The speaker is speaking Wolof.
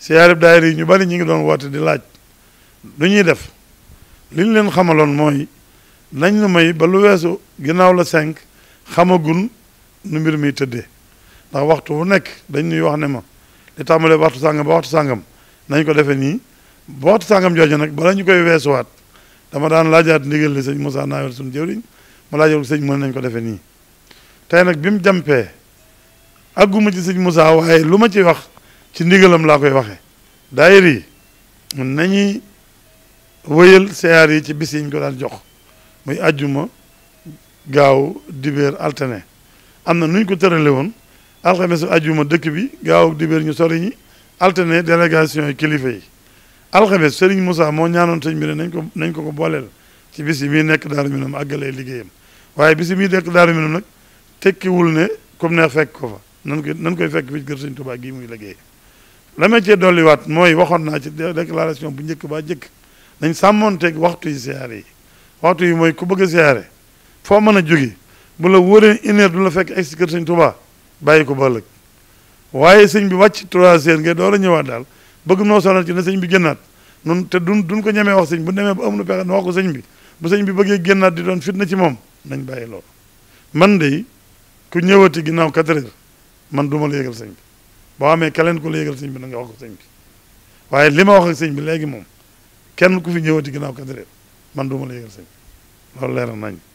bi daayira yi ñu bari ñu ngi doon woote di laaj lu ñuy def li ñu leen xamaloon mooy nañ nu may ba lu weesu ginnaaw la cinq xamagun nu mbir mi tëddee ndax waxtu wu nekk dañ ñuy wax ne ma li tàmbalee waxtu sàngam ba waxtu sàngam nañ ko defee nii ba waxtu sàngam jooju nag bala ñu koy weesuwaat dama daan laajaat ndigal li sëñ Moussa Nawel suñu jëwriñ ma laajal sëñ mën nañ ko defee nii tey nag bi mu jàmpee àgguma ci sëñ Moussa waaye lu ma ci wax ci ndigalam laa koy waxe daayir yi nañuy wëyal siyaar yi ci bis yi ñu ko daan jox muy ajjuma gaaw dibéer alterné am na nuñ ko tërale woon alxames ajjuma dëkk bi gaaw dibéer ñu sori ñi alterné délégation yi kilifa yi alxames Serigne Moussa moo ñaanoon sëñ bi ne nañ ko nañ ko ko booleel ci bis yi muy nekk daaru minam àggalee liggéeyam waaye bis yi muy nekk daaru minam nag tekkiwul ne comme neex fekk ko fa nan koy nan koy fekk fii kër sëñ Tuubaa gii muy liggéey la ma cee dolliwaat mooy waxoon naa ci déclaration bu njëkk baa njëkk nañ sàmmoonteeg waxtu yi siyaare yi waxtu yi mooy ku bëgg a siyaare foo mën a jóge bu la wóoree une du la fekk egsi kër sëñ Tuubaa bàyyi ko ba ëllëg waaye sëñ bi wàcc trois heures nga door a ñëwaat daal bëgg noo sonal ci ne sëñ bi génnaat nun te dun duñ ko ñemee wax sañ bu demee ba amul pexe nu wax ko sëñ bi bu sëñ bi bëggee génnaat di doon fitna ci moom nañ bàyyi loolu man de ku ñëwati ginnaaw quatre man du ma la boo amee keleen ku la yëgal sëñ bi na nga wax ko sëñ bi waaye li ma wax ak sëñ bi léegi moom kenn ku fi ñëwati ginnaaw Kazu Rajab man du ma la yëgal sëñ bi loolu leeral nañ